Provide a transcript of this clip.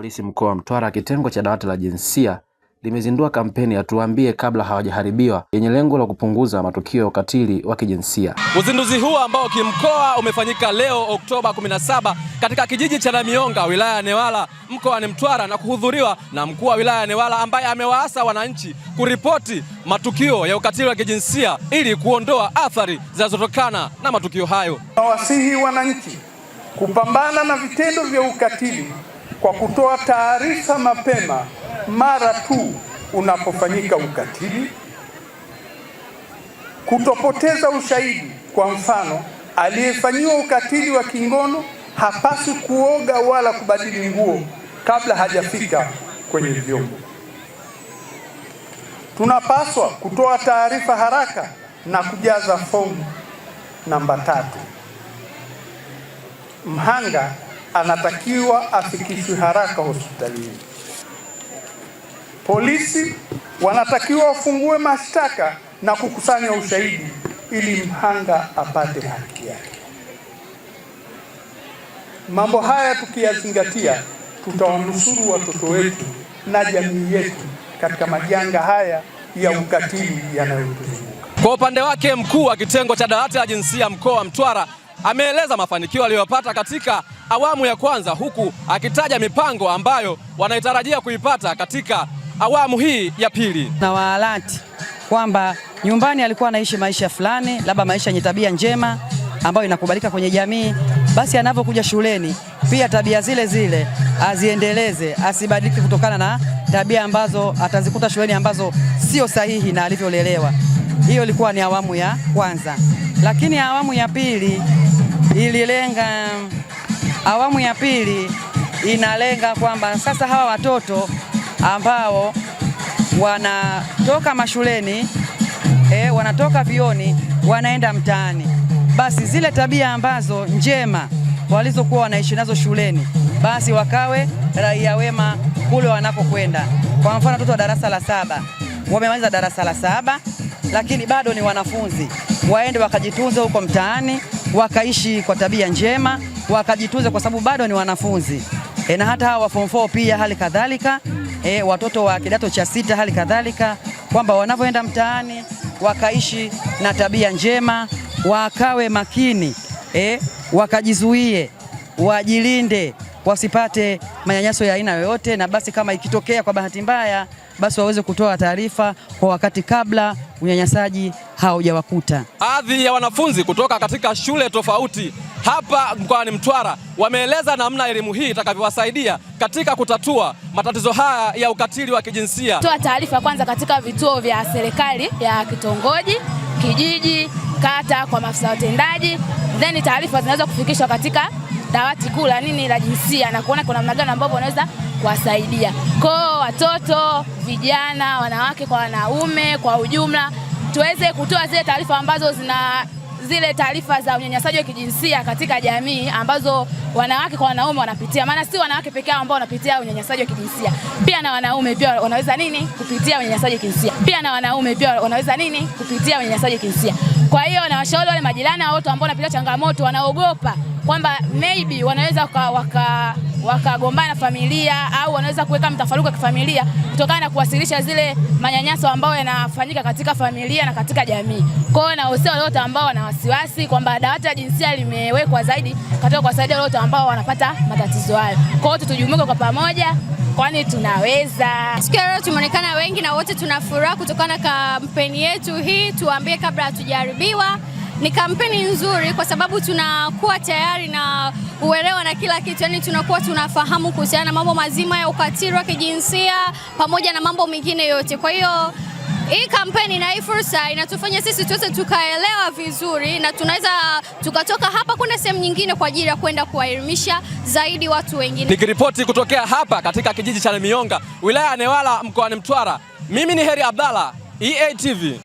Polisi mkoa wa Mtwara kitengo cha dawati la jinsia limezindua kampeni ya tuambie kabla hawajaharibiwa yenye lengo la kupunguza matukio ya ukatili wa kijinsia. Uzinduzi huu ambao kimkoa umefanyika leo Oktoba 17 katika kijiji cha Namionga wilaya ya Newala mkoani Mtwara na kuhudhuriwa na mkuu wa wilaya ya Newala ambaye amewaasa wananchi kuripoti matukio ya ukatili wa kijinsia ili kuondoa athari zinazotokana na matukio hayo. Nawasihi wananchi kupambana na vitendo vya ukatili kwa kutoa taarifa mapema mara tu unapofanyika ukatili, kutopoteza ushahidi. Kwa mfano, aliyefanyiwa ukatili wa kingono hapaswi kuoga wala kubadili nguo kabla hajafika kwenye vyombo. Tunapaswa kutoa taarifa haraka na kujaza fomu namba tatu. Mhanga anatakiwa afikishwe haraka hospitalini. Polisi wanatakiwa wafungue mashtaka na kukusanya ushahidi ili mhanga apate haki yake. Mambo haya tukiyazingatia, tutawanusuru watoto wetu na jamii yetu katika majanga haya ya ukatili yanayotuzunguka. Kwa upande wake, mkuu wa kitengo cha dawati la jinsia mkoa wa Mtwara ameeleza mafanikio aliyopata katika awamu ya kwanza, huku akitaja mipango ambayo wanaitarajia kuipata katika awamu hii ya pili. Na waalati kwamba nyumbani alikuwa anaishi maisha fulani, labda maisha yenye tabia njema ambayo inakubalika kwenye jamii, basi anapokuja shuleni pia tabia zile zile aziendeleze, asibadilike kutokana na tabia ambazo atazikuta shuleni ambazo sio sahihi na alivyolelewa. Hiyo ilikuwa ni awamu ya kwanza lakini awamu ya pili ililenga, awamu ya pili inalenga kwamba sasa hawa watoto ambao wanatoka mashuleni eh, wanatoka vioni wanaenda mtaani, basi zile tabia ambazo njema walizokuwa wanaishi nazo shuleni, basi wakawe raia wema kule wanapokwenda. Kwa mfano, watoto wa darasa la saba wamemaliza darasa la saba lakini bado ni wanafunzi, waende wakajitunze huko mtaani, wakaishi kwa tabia njema, wakajitunze kwa sababu bado ni wanafunzi e, na hata hawa form 4 pia hali kadhalika e, watoto wa kidato cha sita hali kadhalika, kwamba wanavyoenda mtaani wakaishi na tabia njema, wakawe makini e, wakajizuie, wajilinde wasipate manyanyaso ya aina yoyote, na basi kama ikitokea kwa bahati mbaya, basi waweze kutoa taarifa kwa wakati kabla unyanyasaji haujawakuta. Baadhi ya wanafunzi kutoka katika shule tofauti hapa mkoani Mtwara wameeleza namna elimu hii itakavyowasaidia katika kutatua matatizo haya ya ukatili wa kijinsia. Toa taarifa kwanza katika vituo vya serikali ya kitongoji, kijiji, kata, kwa maafisa watendaji, then taarifa zinaweza kufikishwa katika dawati kuu la nini la jinsia na kuona kuna namna gani ambavyo wanaweza kuwasaidia koo watoto, vijana, wanawake kwa wanaume, kwa ujumla tuweze kutoa zile taarifa ambazo zina zile taarifa za unyanyasaji wa kijinsia katika jamii ambazo wanawake kwa wanaume wanapitia, maana si wanawake pekee ambao wanapitia unyanyasaji wa kijinsia, pia na wanaume pia wanaweza nini kupitia unyanyasaji wa kijinsia, pia na wanaume pia wanaweza nini kupitia unyanyasaji wa kijinsia. Kwa hiyo nawashauri wale majirani wote ambao wanapitia changamoto, wanaogopa kwamba maybe wanaweza waka wakagombana familia, au wanaweza kuweka mtafaruku wa kifamilia kutokana na kuwasilisha zile manyanyaso ambayo yanafanyika katika familia na katika jamii. Kwa hiyo nawasia wale wote ambao wana wasiwasi kwamba dawati la jinsia limewekwa zaidi katika kuwasaidia wale wote ambao wanapata matatizo hayo. Kwa hiyo tujumuike kwa pamoja kwani tunaweza. Siku ya leo tumeonekana wengi na wote tuna furaha kutokana na kampeni yetu hii, tuambie kabla hatujaharibiwa ni kampeni nzuri kwa sababu tunakuwa tayari na uelewa na kila kitu, yani tunakuwa tunafahamu kuhusiana na mambo mazima ya ukatili wa kijinsia pamoja na mambo mengine yote. Kwa hiyo hii kampeni na hii fursa inatufanya sisi tuweze tukaelewa vizuri na tunaweza tukatoka hapa kwenda sehemu nyingine kwa ajili ya kwenda kuwaelimisha zaidi watu wengine. Nikiripoti kutokea hapa katika kijiji cha Lemiyonga, wilaya ya Newala, mkoani Mtwara, mimi ni Heri Abdalla, EATV.